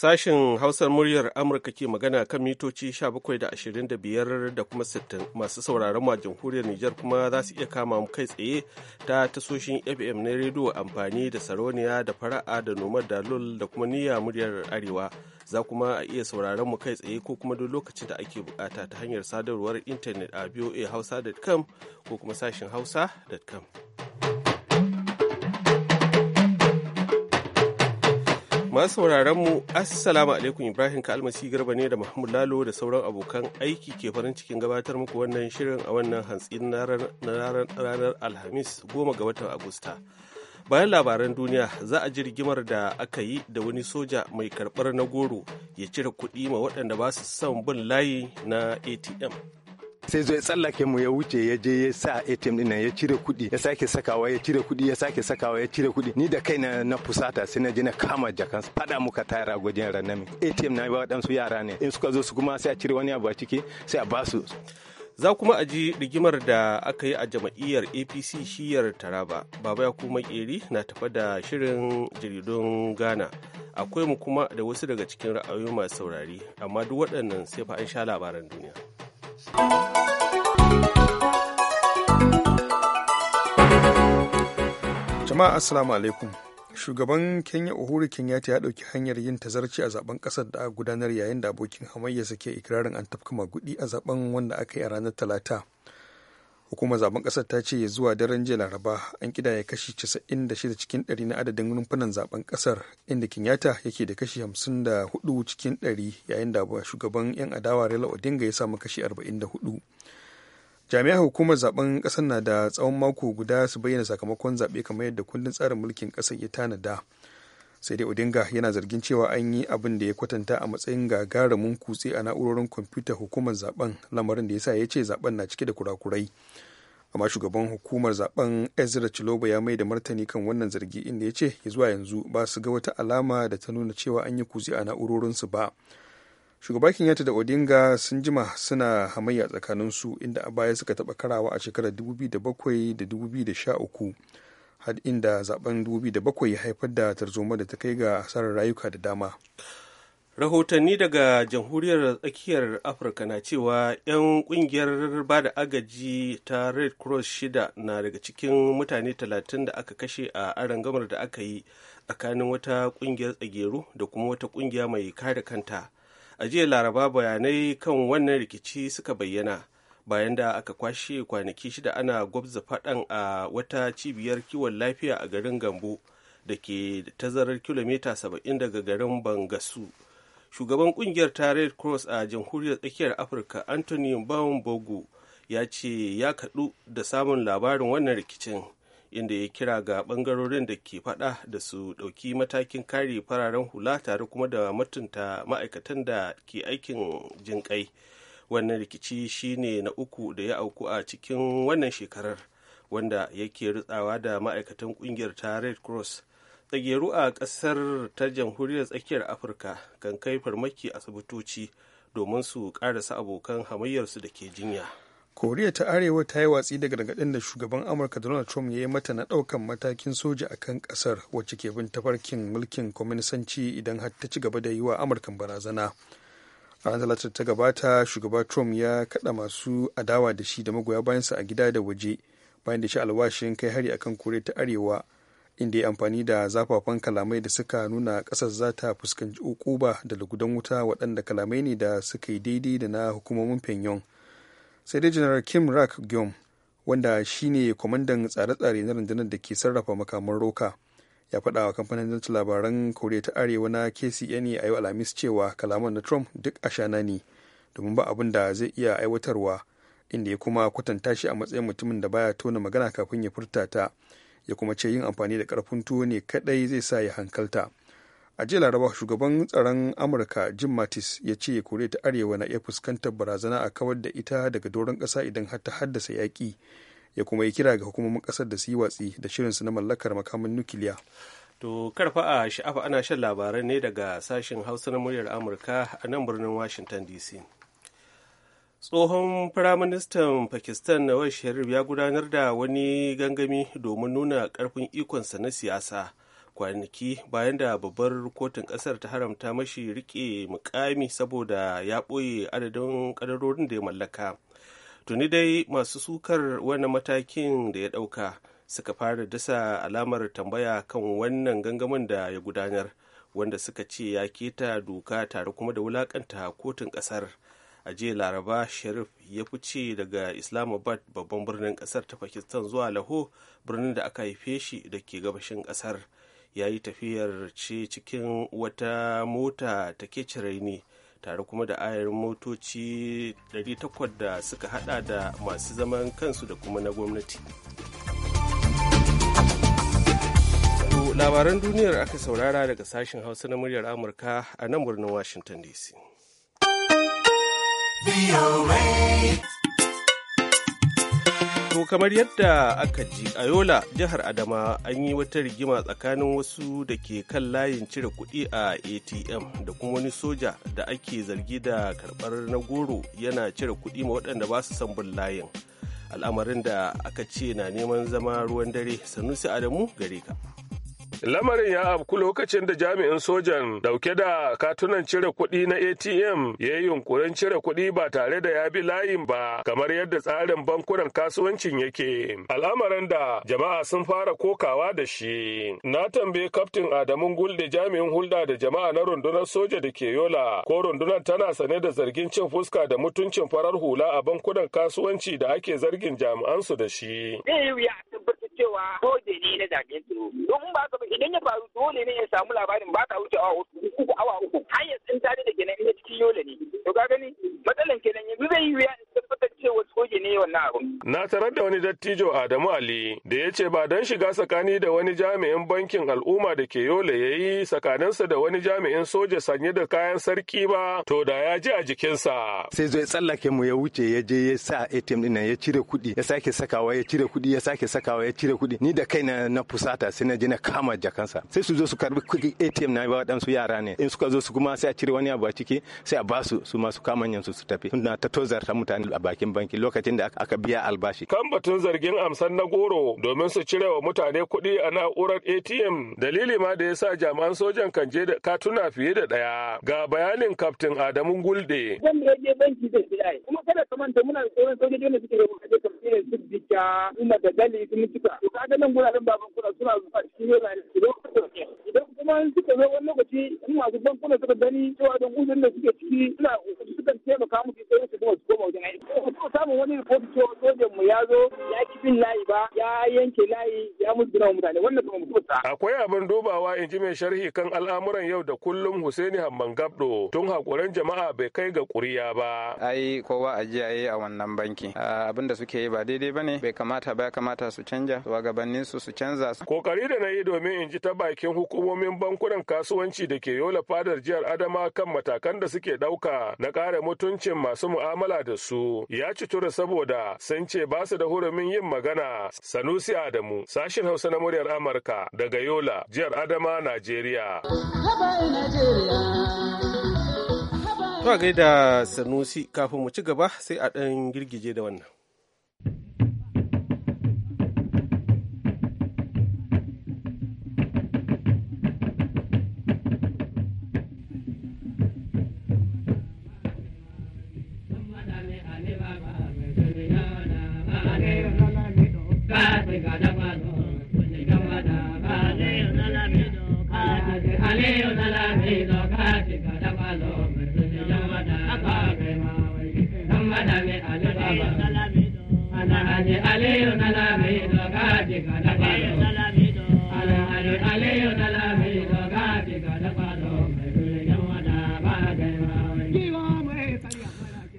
Sashen Hausar muryar Amurka ke magana kan mitoci 17.25 da kuma 60 masu sauraron ma jamhuriyar Nijar kuma za su iya kama mu kai tsaye ta tasoshin FM na rediyo amfani da Saroniya da Fara'a da Nomad da Lul da kuma Niyya muryar Arewa. Za kuma a iya sauraron mu kai tsaye ko kuma duk lokacin da ake bukata ta hanyar sadarwar intanet a voahausa.com ko kuma sashin hausa.com. Masu sauraron mu Assalamu alaikum Ibrahim Kalmasi Garba ne da Mahmud Lalo da sauran abokan aiki ke farin cikin gabatar muku wannan shirin a wannan hantsi na ranar Alhamis goma ga watan Agusta. Bayan labaran duniya za a ji rigimar da aka yi da wani soja mai karɓar na goro ya cire kuɗi ma waɗanda ba su son bin layi na ATM. sai zo ya tsallake mu ya wuce ya je ya sa ATM din ya cire kuɗi ya sake sakawa ya cire kuɗi ya sake sakawa ya cire kuɗi ni da kaina na fusata sai na je na kama jakan fada muka tayar a gwajin ranami ATM na ba waɗansu yara ne in suka zo su kuma sai a cire wani abu a ciki sai a ba su za kuma a ji rigimar da aka yi a jam'iyyar apc shiyar taraba baba ya kuma keri na tafa da shirin jaridun ghana akwai mu kuma da wasu daga cikin ra'ayoyi masu saurari amma duk waɗannan sai fa an sha labaran duniya jama'a assalamu alaikum shugaban kenya uhuru kenyatta ya ɗauki hanyar yin tazarci a zaben ƙasar da aka gudanar yayin da abokin hamayya ke ikirarin an tafka magudi a zaben wanda aka yi a ranar talata hukumar zaben kasar ta ce zuwa daren jiya laraba an kidaya kashi 96 cikin 100 na adadin rumfunan zaben kasar inda kenyatta yake da kashi 54 cikin 100 yayin da shugaban yan adawa raila odinga ya samu kashi 44 jami'an hukumar zaben kasar na da tsawon mako guda su bayyana sakamakon zaɓe kamar yadda kundin tsarin mulkin kasar ya tanada sai dai odinga yana zargin cewa an yi abin da ya kwatanta a matsayin gagarumin kutse a na'urorin kwamfuta hukumar zaben lamarin da ya sa ya ce zaben na cike da kurakurai amma shugaban hukumar zaben ezra chiloba ya mai da martani kan wannan zargi inda ya ce ya zuwa yanzu ba su ga wata alama da ta nuna cewa an yi kutse a na'urorinsu ba shugaba kenyatta da odinga sun jima suna hamayya tsakaninsu inda a baya suka taɓa karawa a shekarar 2007 da 2013 har inda zaben bakwai ya haifar da tarzoma da ta kai ga asarar rayuka da dama rahotanni daga jamhuriyar tsakiyar afirka na cewa 'yan kungiyar ba da agaji ta red cross shida na daga cikin mutane talatin da aka kashe a arangamar da aka yi tsakanin wata kungiyar tsageru da kuma wata kungiya mai kare kanta a jiya laraba bayanai kan wannan rikici suka bayyana bayan da aka kwashe kwanaki shida ana gwabza fadan a wata cibiyar kiwon lafiya a garin gambo da ke tazarar kilomita 70 daga garin bangasu shugaban kungiyar ta red cross a jamhuriyar tsakiyar afirka anthony bogo ya ce ya kadu da samun labarin wannan rikicin inda ya kira ga ɓangarorin da ke faɗa da su ɗauki matakin kare fararen hula tare kuma da mutunta ma'aikatan da ke aikin jinƙai. wannan rikici shine na uku da ya auku a cikin wannan shekarar wanda yake ritsawa da ma'aikatan kungiyar ta red cross tsageru a kasar ta jamhuriyar tsakiyar afirka kan kai farmaki asibitoci domin su karasa abokan hamayyarsu da ke jinya koriya ta arewa ta yi watsi daga gargaɗin da shugaban amurka donald trump ya yi mata na ɗaukan matakin soja a kan ƙasar wacce ke bin tafarkin mulkin kwaminisanci idan har ta ci gaba da yi wa amurkan barazana a ranar talatar ta gabata shugaba trump ya kada masu adawa da shi da magoya bayansa a gida da waje bayan da shi alwashin kai hari akan kore ta arewa inda ya amfani da zafafan kalamai da suka nuna ƙasar za ta fuskanci ukuba da lugudan wuta waɗanda kalamai ne da suka yi daidai da na hukumomin fenyon sai dai janar kim rak gyom wanda shine kwamandan tsare-tsare na rundunar da ke sarrafa makaman roka ya faɗa wa kamfanin labaran koriya ta arewa na kcna a yau alhamis cewa kalaman na trump duk ashana ne domin ba abin da zai iya aiwatarwa inda ya kuma kwatanta shi a matsayin mutumin da baya tona magana kafin ya furta ta ya kuma ce yin amfani da karfin tuwo ne kadai zai sa ya hankalta a jiya laraba shugaban tsaron amurka jim mattis ya ce koriya ta arewa na iya fuskantar barazana a kawar da ita daga doron ƙasa idan har ta haddasa yaƙi ya kuma yi kira ga hukumomin kasar da su yi watsi da shirinsu na mallakar makamin nukiliya to karfa a sha'afa ana shan labarai ne daga sashen hausa na muryar amurka a nan birnin washington dc tsohon firaministan pakistan nawaz sharif ya gudanar da wani gangami domin nuna karfin ikonsa na siyasa kwanaki bayan da babbar kotun kasar ta haramta mashi rike mukami saboda ya ɓoye adadin kadarorin da ya mallaka tuni dai masu sukar wani matakin da ya ɗauka suka fara dasa alamar tambaya kan wannan gangamin da ya gudanar wanda suka ce ya keta doka tare kuma da wulaƙanta kotun ƙasar a jiya laraba sharif ya fice daga islamabad babban birnin ƙasar ta pakistan zuwa laho birnin da aka haife shi da ke gabashin ƙasar ya yi tafiyar ce cikin wata mota ta ke ne tare kuma da ayarin motoci 800 da suka hada da masu zaman kansu da kuma na gwamnati labaran duniyar aka saurara daga sashen hausa na muryar amurka a nan birnin washington dc To kamar yadda aka ji a Yola jihar Adama an yi wata rigima tsakanin wasu da ke kan layin cire kuɗi a ATM da kuma wani soja da ake zargi da karɓar na goro yana cire kuɗi ma waɗanda ba su son bin layin. Al'amarin da aka ce na neman zama ruwan dare Sanusi Adamu gare ka. Lamarin ya afku lokacin da jami'in sojan dauke da katunan cire kuɗi na ATM ya yi yunkurin cire kuɗi ba tare da ya bi layin ba kamar yadda tsarin bankunan kasuwancin yake. Al'amarin da jama'a sun fara kokawa da shi. Na tambayi kaftin Adamu Gulde jami'in hulɗa da jama'a na rundunar soja da ke Yola ko rundunar tana sane da zargin cin fuska da mutuncin farar hula a bankunan kasuwanci da ake zargin jami'ansu da shi. cewa soje ne na jami'an su don ba ka idan ya faru dole ne ya samu labarin ba ka wuce awa uku awa uku har ya tsinta da gina in cikin yola ne to ka gani matsalan kenan yanzu zai yi wuya in tabbatar cewa tsoge ne wannan abin. Na tarar da wani dattijo Adamu Ali da ya ce ba don shiga tsakani da wani jami'in bankin al'umma da ke yola ya yi tsakaninsa da wani jami'in soja sanye da kayan sarki ba to da ya ji a jikinsa. Sai zo tsallake mu ya wuce ya je ya sa ATM ɗin ya cire kuɗi ya sake sakawa ya cire kuɗi ya sake sakawa ya cire kuɗi ni da kai na fusata sai na je na kama jakansa sai su zo su karbi kuɗi ATM na ba waɗansu yara ne in suka zo su kuma sai a cire wani abu a ciki sai a basu su ma su kama su su tafi. Tunda ta tozarta mutane a bakin aikin banki lokacin da aka biya albashi. Kan batun zargin amsan na goro domin su cire wa mutane kuɗi a na'urar ATM dalili ma da ya sa jami'an sojan kan je da katuna fiye da ɗaya. Ga bayanin kaftin Adamu gulɗe Zan ya je banki zai je kuma kada ka manta muna da sauran sojoji wanda suke da kaje kamfiyar su dika kuma da gali sun cika. To kaga nan guraren baban kuna suna zuwa cikin yau idan kuma suka zo wani lokaci in masu bankuna suka gani cewa da gudun da suke ciki suna sukan taimaka musu sai su kuma su koma wajen aiki. ko samun wani report cewa sojan mu ya zo ya ki bin layi ba ya yanke layi ya musguna mutane wannan ba mutum ta. Akwai abin dubawa in ji mai sharhi kan al'amuran yau da kullum Husaini Hamman Gabdo tun hakuran jama'a bai kai ga ƙuriya ba. Ai kowa ajiya yayi a wannan banki. Abin da suke yi ba daidai bane bai kamata ba ya kamata su canja gabanin su su canza su. Kokari da na yi domin in ji ta bakin hukumomin bankunan kasuwanci da ke yola fadar jihar Adama kan matakan da suke ɗauka na kare mutuncin masu mu'amala da su. Ya ya tura saboda sun ce ba su da hurumin yin magana. Sanusi Adamu, sashin Hausa na muryar Amurka daga Yola, jihar Adama, Najeriya. To gaida Sanusi kafin mu ci gaba sai a ɗan girgije da wannan.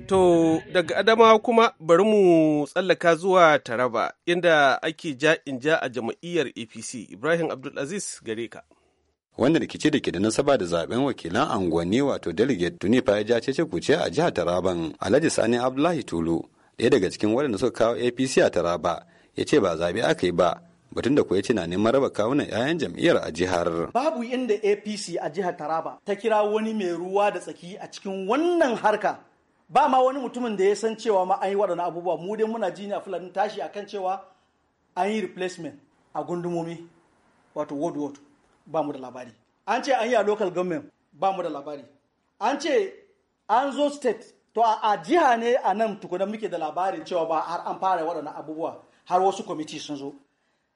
To daga adama kuma bari mu tsallaka zuwa Taraba inda ake ja in ja a jam'iyyar APC Ibrahim Abdulaziz gare ka. wanda rikici da ke da nasaba da zaben wakilan anguwanni wato delegate tuni fa ya ja "ku kuce a jihar Taraban Alhaji Sani Abdullahi Tulu daya daga cikin waɗanda suka kawo APC a Taraba ya ce ba zabe aka yi ba batun da kuwa na neman raba kawunan 'ya'yan jam'iyyar a jihar. Babu inda APC a jihar Taraba ta kira wani mai ruwa da tsaki a cikin wannan harka ba ma wani mutumin da ya san cewa ma an yi waɗannan abubuwa mu dai muna jini a fulani tashi akan cewa an yi replacement a gundumomi wato ward ward ba mu da labari an ce an yi a local government ba mu da labari an ce an zo state to a jiha ne a nan tukuna muke da labarin cewa ba har an fara waɗannan abubuwa har wasu kwamiti sun zo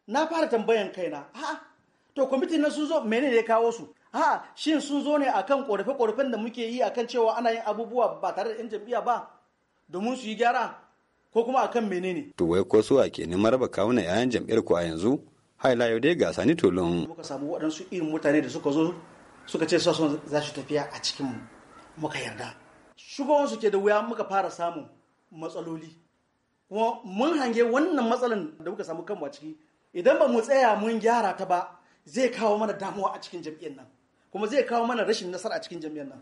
na fara tambayan kaina a'a to kwamitin na sun zo mene ne kawo su ha shin sun zo ne akan korafe-korafen da muke yi akan cewa ana yin abubuwa ba tare da 'yan jam'iyya ba domin su yi gyara ko kuma akan mene ne to wai ko su ake maraba kawo kawuna 'ya'yan jam'iyyar ku a yanzu hai layo dai gasa ni tolon muka samu waɗansu irin mutane da suka zo suka ce son za su tafiya a cikin muka yarda su ke da wuya muka fara samun matsaloli kuma mun hange wannan matsalan da muka samu kanmu a ciki idan ba mu tsaya mun gyara ta ba zai kawo mana damuwa a cikin jam'iyyar nan kuma zai kawo mana rashin nasara a cikin jam'iyyar nan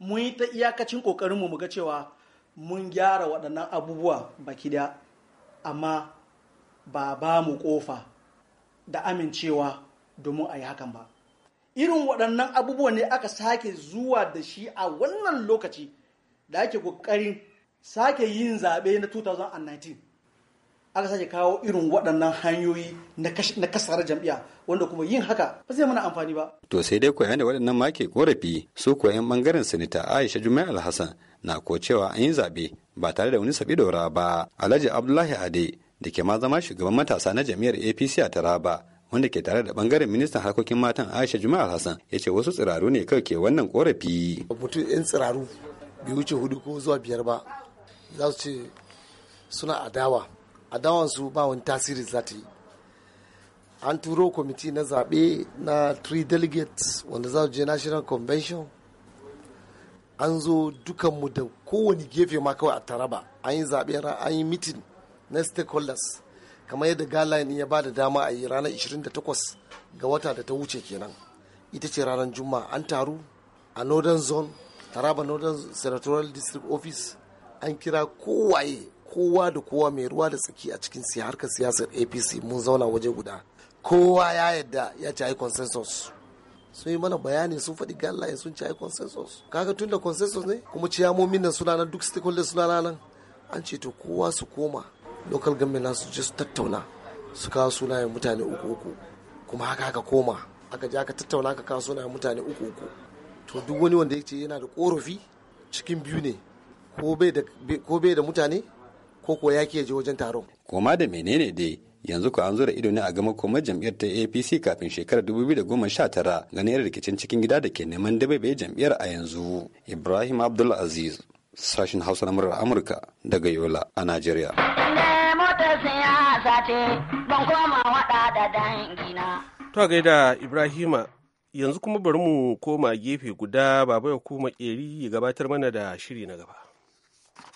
mun yi ta iyakacin kokarin mu ga cewa mun gyara waɗannan abubuwa baki da amma ba ba mu kofa da amincewa domin a yi hakan ba irin waɗannan abubuwa ne aka sake zuwa da shi a wannan lokaci da ake kokarin sake yin zaɓe na 2019 aka sake kawo irin waɗannan hanyoyi na kasar jam'iyya wanda kuma yin haka ba zai mana amfani ba. To sai dai koyan da waɗannan ma ke korafi su koyan ɓangaren sanita Aisha Jumai Alhassan na ko cewa an yi zaɓe ba tare da wani sabi dora ba. Alhaji Abdullahi Ade da ke ma zama shugaban matasa na jam'iyyar APC a Taraba wanda ke tare da bangaren ministan harkokin matan Aisha Jummai Alhassan ya ce wasu tsiraru ne kawai ke wannan korafi. Mutum 'yan tsiraru bai wuce hudu ko zuwa biyar ba za su ce suna adawa adawansu ba wani tasiri za ta yi an turo kwamiti na zaɓe na three delegates wanda za su je national convention an zo dukanmu da kowane gefe ma kawai a taraba an yi zaɓe an yi mitin na stakeholders kamar yadda guideline ya ba da dama a yi ranar 28 ga wata da ta wuce kenan ita ce ranar juma'a an taru a northern zone taraba northern senatorial district office an kira kowaye kowa da kowa mai ruwa da tsaki a cikin harkar siyasar apc mun zauna waje guda kowa ya yadda ya ci ai consensus sun yi mana bayani sun faɗi gallaye sun ci ai consensus kaga tun da consensus ne kuma ciyamomin nan suna nan duk stakeholders suna nan an ce to kowa su koma local government su je su tattauna su kawo sunayen mutane uku uku kuma haka haka koma aka je aka tattauna aka kawo sunayen mutane uku uku to duk wani wanda ya ce yana da korafi cikin biyu ne ko bai da mutane ko ko ya ke je wajen taron. Koma da menene dai yanzu ko an zura ido ne a gama komar jam'iyyar ta APC kafin shekarar 2019 ganin rikicin cikin gida da ke neman dabaibaye jam'iyyar a yanzu. Ibrahim Abdul Aziz sashen Hausa na murar Amurka daga Yola a Najeriya. To a gaida Ibrahima yanzu kuma bari mu koma gefe guda baba ya kuma ƙeri ya gabatar mana da shiri na gaba.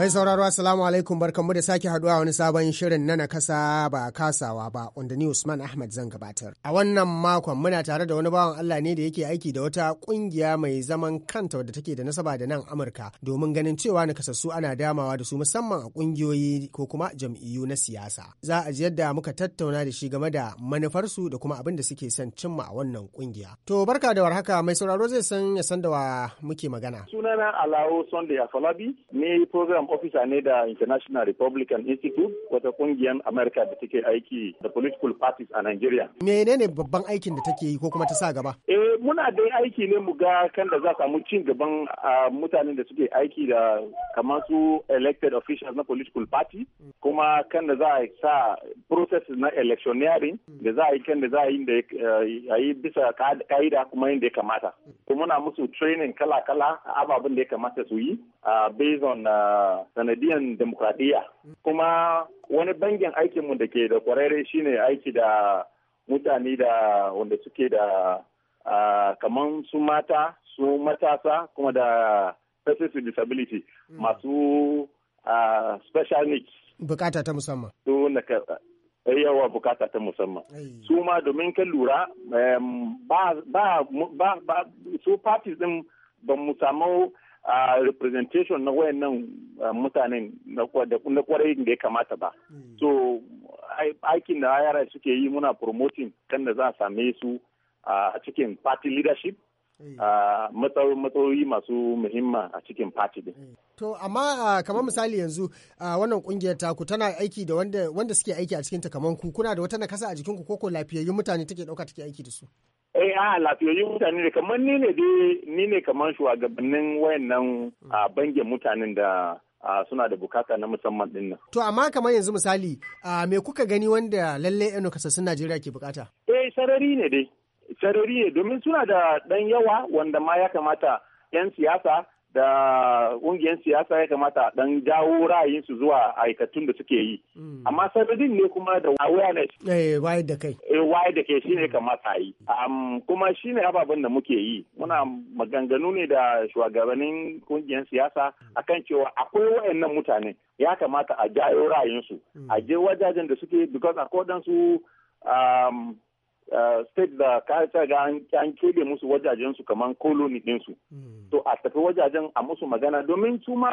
Mai sauraro Assalamu alaikum barkanmu da sake haduwa wani sabon shirin na nakasa ba kasawa ba wanda ni Usman Ahmad zan gabatar. A wannan makon muna tare da wani bawan Allah ne da yake aiki da wata kungiya mai zaman kanta wadda take da nasaba da nan Amurka domin ganin cewa nakasassu ana damawa da su musamman a kungiyoyi ko kuma jam'iyyu na siyasa. Za a ji yadda muka tattauna da shi game da manufarsu da kuma abin da suke son cimma a wannan kungiya. To barka da warhaka mai sauraro zai san ya san da wa muke magana. Sunana Alawo Sunday Afolabi ne program officer ne da International Republican Institute wata kungiyar America da take aiki da political parties a Nigeria. Menene babban aikin da take yi ko kuma ta sa gaba? Eh muna dai aiki ne mu ga kan da za samu cin gaban mutanen da suke aiki da kamar su elected officials na political party kuma kan da za a sa processes na electioneering da za a yi kan da za a yi bisa ka'ida kuma yin da ya kamata kuma muna musu training kala-kala ababen da ya kamata su yi based on sanadiyan demokradiyya kuma wani bangin aikinmu da ke da kwararre shine aiki da mutane da wanda suke da kamar su mata su matasa kuma da persons with disability hmm. masu special needs bukata ta musamman su eh, yawa bukata ta musamman su ma domin ka lura ba su parties din ba mu samu a representation na wayannan uh, mutanen na kwarai da ya kamata ba. Hmm. So aikin da yara suke yi muna promoting kan da za a same su a cikin party leadership eh. matsayoyi masu muhimma a cikin party din. Eh. To amma kamar misali yanzu wannan kungiyar taku tana aiki da wanda suke aiki a cikin kamar ku kuna da wata nakasa a jikinku koko lafiyayyun mutane take dauka take aiki da su. Eh a lafiyayyun mutane ne kamar ni ne dai ni ne kamar shugabannin wayannan bangin mutanen da Uh, suna da bukata na musamman din nan. To amma kamar yanzu misali uh, me kuka gani wanda lalle 'yan kasassun Najeriya ke bukata? Eh sarari ne dai. sarari ne domin suna da ɗan yawa wanda ma ya kamata 'yan siyasa da ƙungiyar siyasa ya kamata dan jawo ra'ayinsu zuwa aikatun da suke yi. Hmm. Amma sanadin ne kuma da awareness. Eh, da kai. Eh, da kai shi ne kamata yi. kuma shi ne ababen da muke yi. Muna maganganu ne da shugabannin ƙungiyar siyasa akan cewa akwai wayannan mutane ya kamata a jawo ra'ayinsu. Hmm. A je wajajen da suke because according su Uh, state da ka ga an kebe musu wajajen su kamar koloni su hmm. To a tafi wajajen a musu magana domin su ma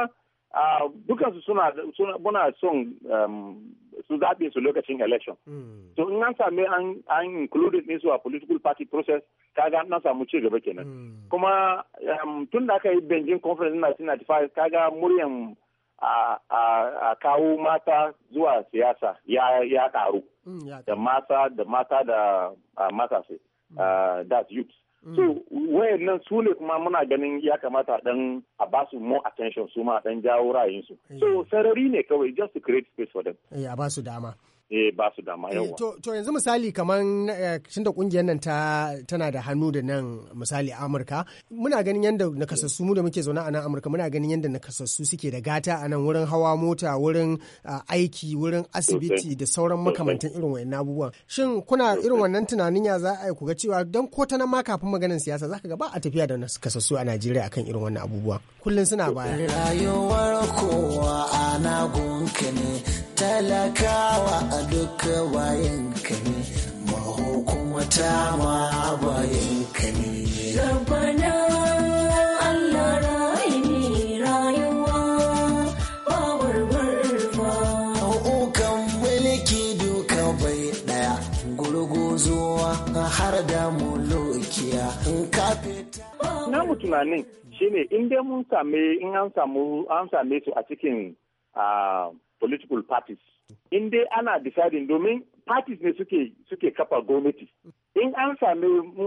uh, dukansu suna muna son um, su zaɓe su lokacin election. Hmm. to in an same an included ne su a political party process kaga an samu ci gaba kenan. Hmm. Kuma um, tun da aka yi Beijing conference na 1995 kaga muryan uh, a kawo mata zuwa siyasa ya ya karu. Mm, da mata da mata da matasa mm. that youth mm. so wayannan su ne kuma muna ganin ya kamata dan a ba su more attention su ma dan jawo ra'ayinsu eh. so sarari ne kawai just to create space for them eh, a ba su dama eh ba su dama eh, yawa. To, to yanzu misali kamar eh, tun da kungiyar nan ta tana da hannu da nan misali Amurka muna ganin yadda nakasassu mu da muke zaune a nan Amurka muna ganin yadda nakasassu suke da gata a nan wurin hawa mota wurin eh, aiki wurin asibiti da sauran makamantan irin wayannan abubuwan. Shin kuna irin wannan tunanin ya za a yi kuga cewa don ko ta nan ma kafin maganin siyasa za ka ga ba a tafiya da nakasassu a Najeriya akan irin wannan abubuwa. Kullum suna baya. Rayuwar kowa ana talakawa duka bayan ka ne maho kuma ta ma bayan ka ne rabbana allah ra'ini rayuwa ba barbar ba hukukan mulki duka bai ɗaya gurguzuwa har da mulkiya. in ka tunanin shine in in an samu same su a cikin ah, political parties in dai ana deciding domin parties ne suke suke kafa gwamnati in an same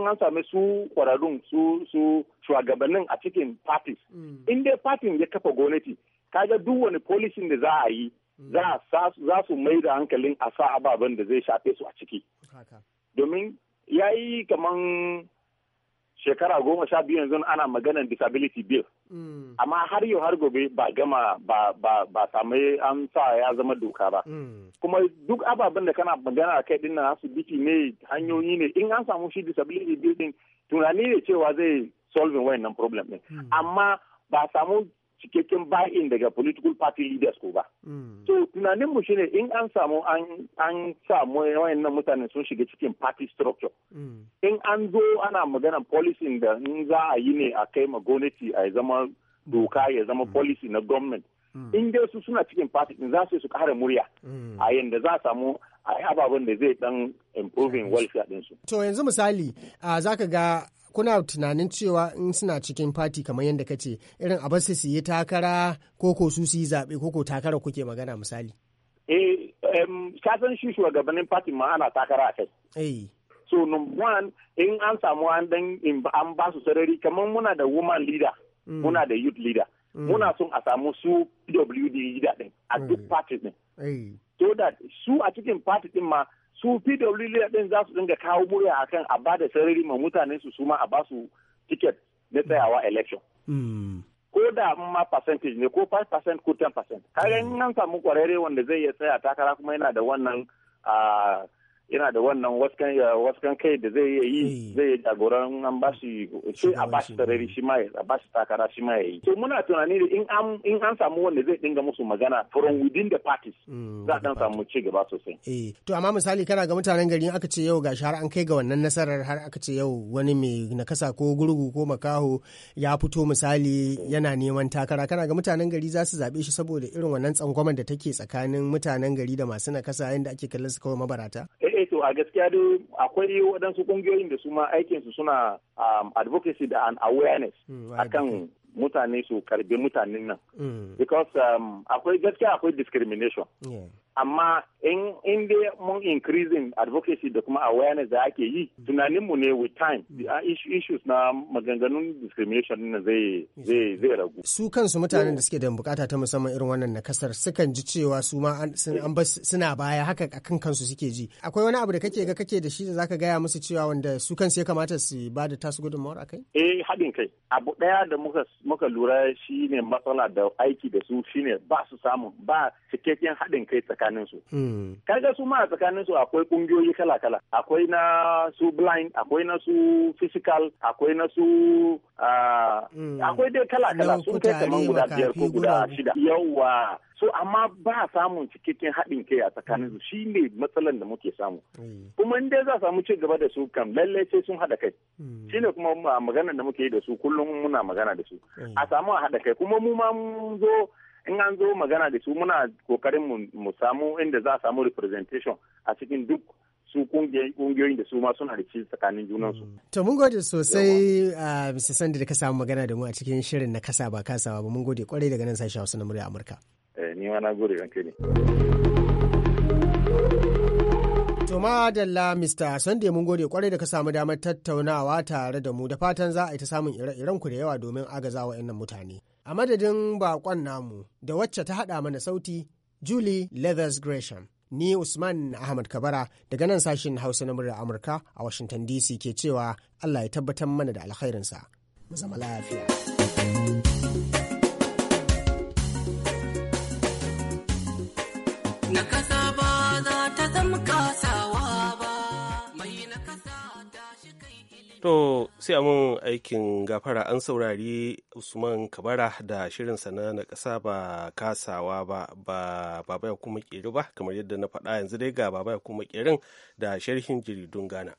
an same su kwararrun su su shugabannin a cikin parties mm. in dai party ya kafa gwamnati kaga duk wani policy da za a yi mm. za su mai da hankalin a sa ababen da zai shafe su a ciki domin yayi kaman shekara goma sha biyu yanzu ana maganar disability bill mm. amma har yau har gobe ba gama ba ba ba samu an sa ya zama doka ba mm. kuma duk ababen da kana magana kai din nan asibiti ne hanyoyi ne in an samu shi disability bill din tunani ne cewa zai solving wayannan problem ne mm. amma ba samu cikakken buy-in daga political party leaders ko ba. Mm. So tunanin mu shine in an samu an samu wayannan mutane sun shiga cikin party structure. Mm. In an zo ana magana policy da in za a yi ne a kai ma gwamnati a zama doka ya zama mm. policy na government. In dai su suna cikin party din za su su kara murya. A yanda za a samu a yi ababen da zai dan improving welfare su. To yanzu misali za ka ga kuna tunanin cewa in suna cikin fati kamar yadda ka ce irin a basu su yi takara ko ko su su yi zaɓe ko ko takara kuke magana misali. Eh, ka san shi shugabannin fati ma ana takara a kai. Eh. So, number one, in an samu an dan an ba su sarari kamar muna da woman leader, mm. muna da youth leader. Mm. Muna son a samu su PWD leader din a mm. duk party din. Eh. So that su a cikin party din ma su pwd din za su dinga kawo murya akan a ba da sarari ma mutane su suma a ba su ticket na tsayawa election hmm. ko da ma percentage ne ko 5% ko 10% kaga in an samu kwararre wanda zai iya tsaya takara kuma yana da wannan ah, yana da wannan waskan kai da zai yi eh. zai yi jagoran an ba shi sai a ba shi sarari shi ma a ba shi takara shi ma yayi to muna tunani da in an samu wanda zai dinga musu magana from within the parties mm, za a dan samu ci gaba sosai eh to amma misali kana ga mutanen gari aka ce yau gashi har an kai ga wannan nasarar har aka ce yau wani mai nakasa ko gurgu ko makaho ya fito misali yana neman takara kana ga mutanen gari za su zabe shi saboda irin wannan tsangwamar da take tsakanin mutanen gari da masu nakasa yayin da ake kallon su kawai mabarata eh, eh to a gaskiya da akwai waɗansu ƙungiyoyin da su ma aikinsu suna um, advocacy da an awareness hmm, akan mutane su karbi mutanen nan hmm. because um, akwai gaskiya akwai discrimination amma in in dai mun increasing advocacy da kuma awareness da ake yi mm. tunaninmu ne with time the mm. uh, issues na maganganun discrimination na zai zai zai ragu su kansu mutanen da suke da bukata ta musamman irin wannan nakasar sukan ji cewa su ma an suna baya haka akan kansu suke ji akwai wani abu da kake ga kake da shi da zaka gaya musu cewa wanda su kansu ya kamata su ba da tasu gudunmawar akai eh haɗin kai abu ɗaya da muka muka lura shine matsala da aiki da su shine ba su samu ba cikakken haɗin kai tsakanin su mm. kaga su ma a tsakanin su akwai kungiyoyi kala kala akwai na su blind akwai na su physical akwai na su mm. ah, akwai dai kala kala sun kai kamar guda biyar ko guda shida Yawwa so amma ba samun cikakken haɗin kai a tsakanin su mm. shi ne matsalan da muke samu kuma inda za za samu ci gaba da su kam lallai sai sun haɗa kai shi ne kuma magana da muke yi da su kullum muna magana da su a samu a haɗa kai kuma mu ma mun zo in an zo magana da su muna kokarin mu samu inda za a samu representation a cikin duk su kungiyoyin da su ma suna da ci tsakanin junansu. Mm. To mun gode sosai a uh, Mr. da ka samu magana da mu a cikin shirin na kasa ba kasawa ba mun gode kwarai daga nan sashen Hausa na murya Amurka. Eh ni ma na gode ranke ne. To dalla Mr. sande mun gode kwarai da ka samu damar tattaunawa tare da mu da fatan za a yi ta samun ire-iren ku da yawa domin agaza wa mutane. A madadin bakon namu da wacce ta haɗa mana sauti Julie Leathers Gresham. Ni Usman Ahmad Kabara daga nan sashin Hausa na muryar Amurka a Washington DC ke cewa Allah ya tabbatar mana da alkhairinsa. Mu zama lafiya. Na kasa ba To sai a mun aikin gafara an saurari Usman Kabara da shirin sana na kasa ba kasawa ba ba baba ya kuma ƙeri ba kamar yadda na faɗa yanzu dai ga baba ya kuma ƙerin da sharhin jiridun Ghana.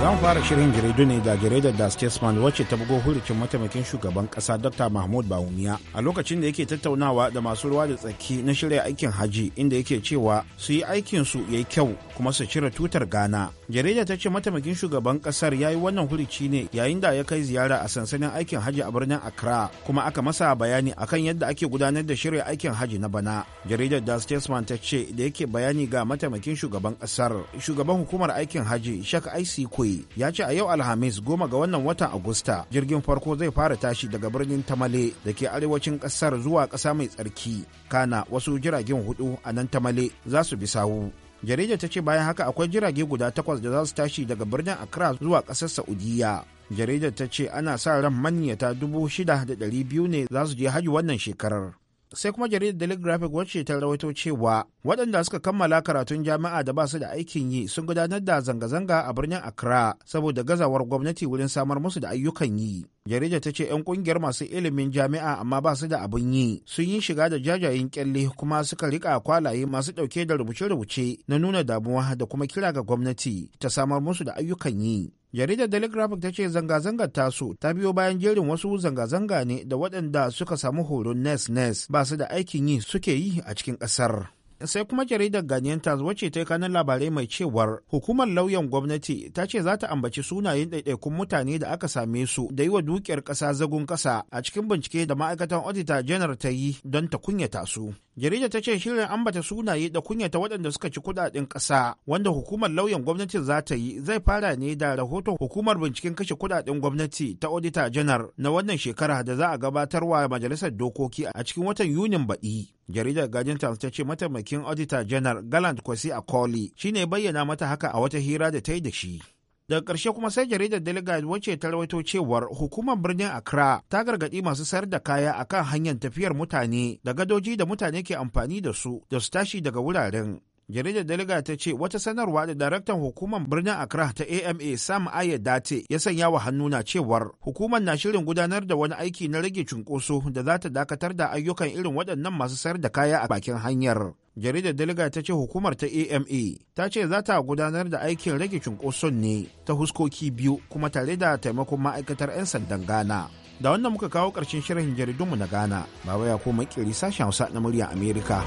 zan fara shirin jaridu ne da jaridar da statesman wacce ta bugo hurucin mataimakin shugaban kasa dr mahmud bawumiya a lokacin da yake tattaunawa da masu ruwa da tsaki na shirya aikin haji inda yake cewa su yi aikinsu ya yi kyau kuma su cire tutar ghana jarida ta ce mataimakin shugaban kasar ya yi wannan hurici ne yayin da ya kai ziyara a sansanin aikin haji a birnin accra kuma aka masa bayani akan yadda ake gudanar da shirya aikin haji na bana jaridar da statesman ta ce da yake bayani ga mataimakin shugaban kasar shugaban hukumar aikin haji shak ic ya ce a yau alhamis goma ga wannan watan agusta jirgin farko zai fara tashi daga birnin tamale da ke arewacin kasar zuwa kasa mai tsarki kana wasu jiragen hudu a nan tamale za su bi sawu jaridar ta ce bayan haka akwai jirage guda takwas da za su tashi daga birnin accra zuwa ƙasar saudiya jarida ta ce ana sa ran manyata dubu shida da ɗari biyu ne za su je haji wannan shekarar sai kuma jaridar daily graphic wacce ta rawaito cewa waɗanda suka kammala karatun jami'a da ba su da aikin yi sun gudanar da zanga-zanga a birnin accra saboda gazawar gwamnati wurin samar musu da ayyukan yi jarida ta ce 'yan kungiyar masu ilimin jami'a amma ba su da abin yi sun yi shiga da jajayen kyalle kuma suka rika kwalaye masu dauke da rubuce-rubuce na nuna damuwa da kuma kira ga gwamnati ta samar musu da ayyukan yi jaridar telegraphic ta ce zanga-zangar tasu ta biyo bayan jerin wasu zanga-zanga ne da waɗanda suka samu horon nes nes ba su da aikin yi suke yi a cikin ƙasar. sai kuma jaridar Ghanaian Times wacce ta yi kanin labarai mai cewar hukumar lauyan gwamnati ta ce za ta ambaci sunayen ɗaiɗaikun mutane da aka same su da yi wa dukiyar ƙasa zagon ƙasa a cikin bincike da ma'aikatan auditor general ta yi don ta kunyata su. Jarida ta ce shirin ambata sunaye da kunyata waɗanda suka ci kuɗaɗen ƙasa wanda hukumar lauyan gwamnati za ta yi zai fara ne da rahoton hukumar binciken kashe kuɗaɗen gwamnati ta Auditor janar na wannan shekara da za a gabatar wa majalisar dokoki a cikin watan Yunin baɗi. Jaridar Guardian Times ta ce mataimakin Auditor General Galant Kwasi shi shine bayyana mata haka a wata hira da ta yi da shi. daga ƙarshe kuma sai jaridar delegate wacce ta rawaito cewar hukumar birnin accra ta gargaɗi masu sayar da kaya akan hanyar tafiyar mutane da gadoji da mutane ke amfani da su da su tashi daga wuraren jaridar daliga ta ce wata sanarwa da daraktan hukumar birnin accra ta ama sam aya date ya sanya wa hannu na cewar hukumar na shirin gudanar da wani aiki na rage cunkoso da za ta dakatar da ayyukan irin waɗannan masu sayar da kaya a bakin hanyar jaridar daliga ta ce hukumar ta ama ta ce za ta gudanar da aikin rage cunkoson ne ta huskoki biyu kuma tare da taimakon ma'aikatar 'yan sandan ghana da wannan muka kawo ƙarshen shirin jaridunmu na ghana baba ya koma sashen hausa na murya amerika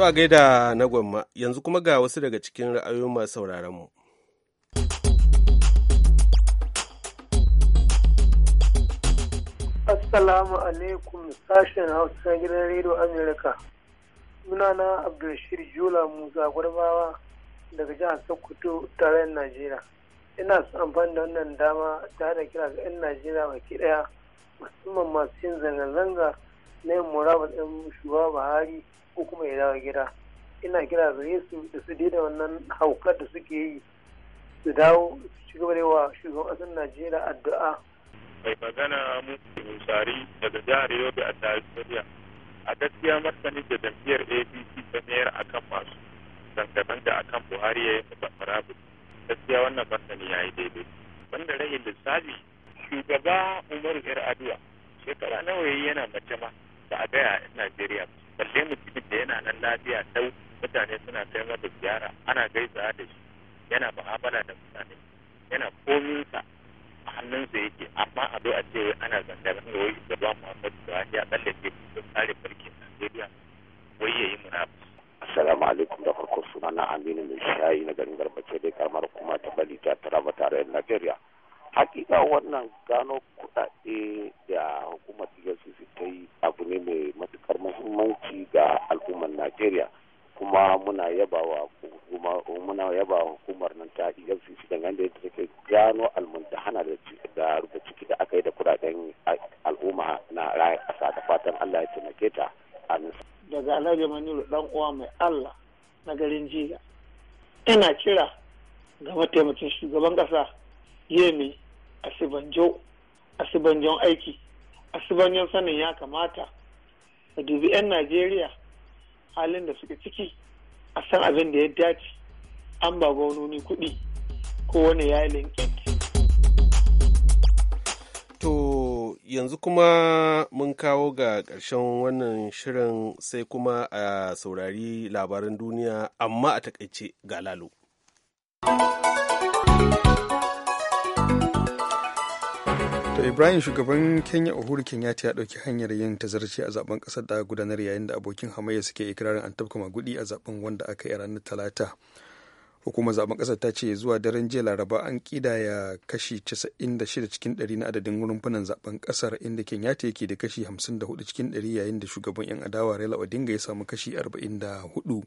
To a gaida na gwamma yanzu kuma ga wasu daga cikin ra'ayoyin masu sauraron mu. Assalamu alaikum sashen Hausa gidan Radio Amerika. na Abdulshir Jula Musa Gwarbawa daga jihar Sokoto da Najeriya. Ina su amfani da wannan dama ta da kira ga 'yan Najeriya baki ɗaya musamman masu yin zanga-zanga na yin murabus ɗin shugaba buhari ko kuma ya dawo gida ina kira gare su da su daina wannan haukar da suke yi su dawo su ci gaba da yawa shugaban ƙasar najeriya addu'a mai magana mu musari daga jihar yobe a najeriya a gaskiya martani da jam'iyyar apc ta mayar akan masu zanga-zanga akan buhari ya yi ba. gaskiya wannan martani ya yi daidai wanda rahin lissafi shugaba umaru yar aduwa shekara nawa yi yana mace ma ba a gaya yan Najeriya balle mutumin da yana nan lafiya dau mutane suna kai da ziyara ana gaisa da shi yana mu'amala da mutane yana kominsa a hannunsa yake amma a zo a ce ana zanga-zanga wai da ba mu a ya tsalle yana kira ga mataimakin shugaban ƙasa yemi asibanjo asibanjon aiki asibanjon sanin ya kamata a dubi 'yan najeriya halin da suke ciki a san abin da ya dace an ba gwamnoni kuɗi ko wani ya linkin yanzu kuma mun kawo ga ƙarshen wannan shirin sai kuma a saurari labaran duniya amma a takaice ga lalo. To Ibrahim shugaban Kenya Uhuru Kenyatta ya ɗauki hanyar yin tazarci a zaben ƙasar da gudanar yayin da abokin hamayya suke ikirarin an tabkama gudi a zaben wanda aka yi ranar Talata. hukumar zaben kasar ta ce zuwa daren jiya laraba an kidaya kashi 96 cikin 100 na adadin rumfunan zaben kasar inda kenyatta yake da kashi 54 cikin 100 yayin da shugaban yan adawa raila odinga ya samu kashi 44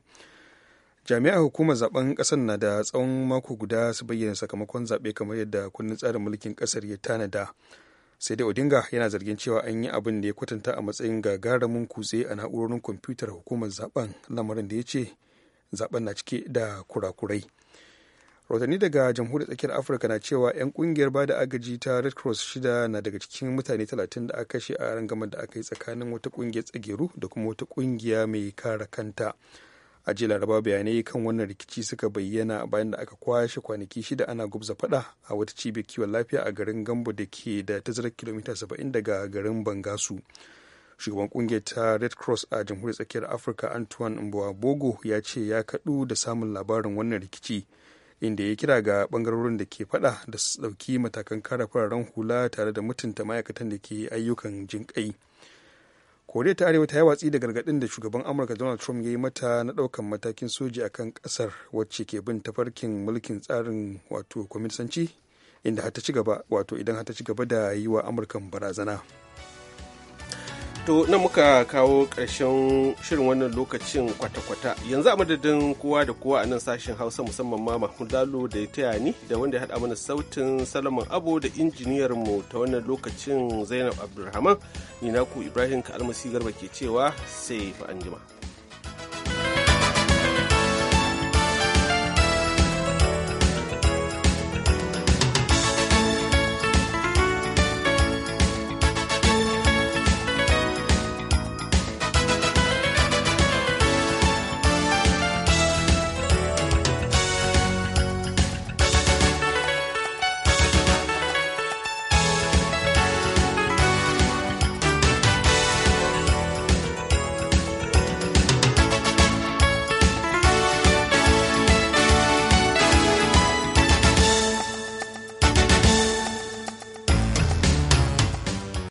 jami'a hukumar zaben kasar na da tsawon mako guda su bayyana sakamakon zaɓe kamar yadda kundin tsarin mulkin kasar ya tanada sai dai odinga yana zargin cewa an yi abin da ya kwatanta a matsayin gagarumin kutse a na'urorin kwamfutar hukumar zaben lamarin da ya ce zaben na cike da kurakurai rautani daga jamhuriyar tsakiyar afirka na cewa 'yan kungiyar ba da agaji ta red cross shida na daga cikin mutane 30 da aka shi a rangamar da aka yi tsakanin wata kungiyar tsageru da kuma wata kungiya mai kare kanta a laraba bayanai kan wannan rikici suka bayyana bayan da aka kwashe kwanaki shida ana gubza fada a wata cibiyar kiwon lafiya a garin gambo da ke da tazarar kilomita 70 daga garin bangasu shugaban kungiyar ta red cross a jamhuriyar tsakiyar afirka antoine bogo ya ce ya kaɗu da samun labarin wannan rikici inda ya kira ga bangarorin da ke fada da su ɗauki matakan kare fararen hula tare da mutunta ma'aikatan da ke ayyukan jinƙai koriya ta arewa ta yi watsi da gargaɗin da shugaban amurka donald trump ya yi mata na ɗaukan matakin soji a kan ƙasar wacce ke bin tafarkin mulkin tsarin wato kwamitanci inda har ci gaba wato idan har ci gaba da yi wa amurkan barazana To nan muka kawo ƙarshen shirin wannan lokacin kwata-kwata yanzu a madadin kowa da kowa a nan sashen Hausa musamman ma Mahmud Lalo da ya taya ni da wanda ya haɗa mana sautin Salaman abu da injiniyar mu ta wannan lokacin Zainab Abdulrahman ni naku Ibrahim Kalmasi Garba ke cewa sai fa anjima.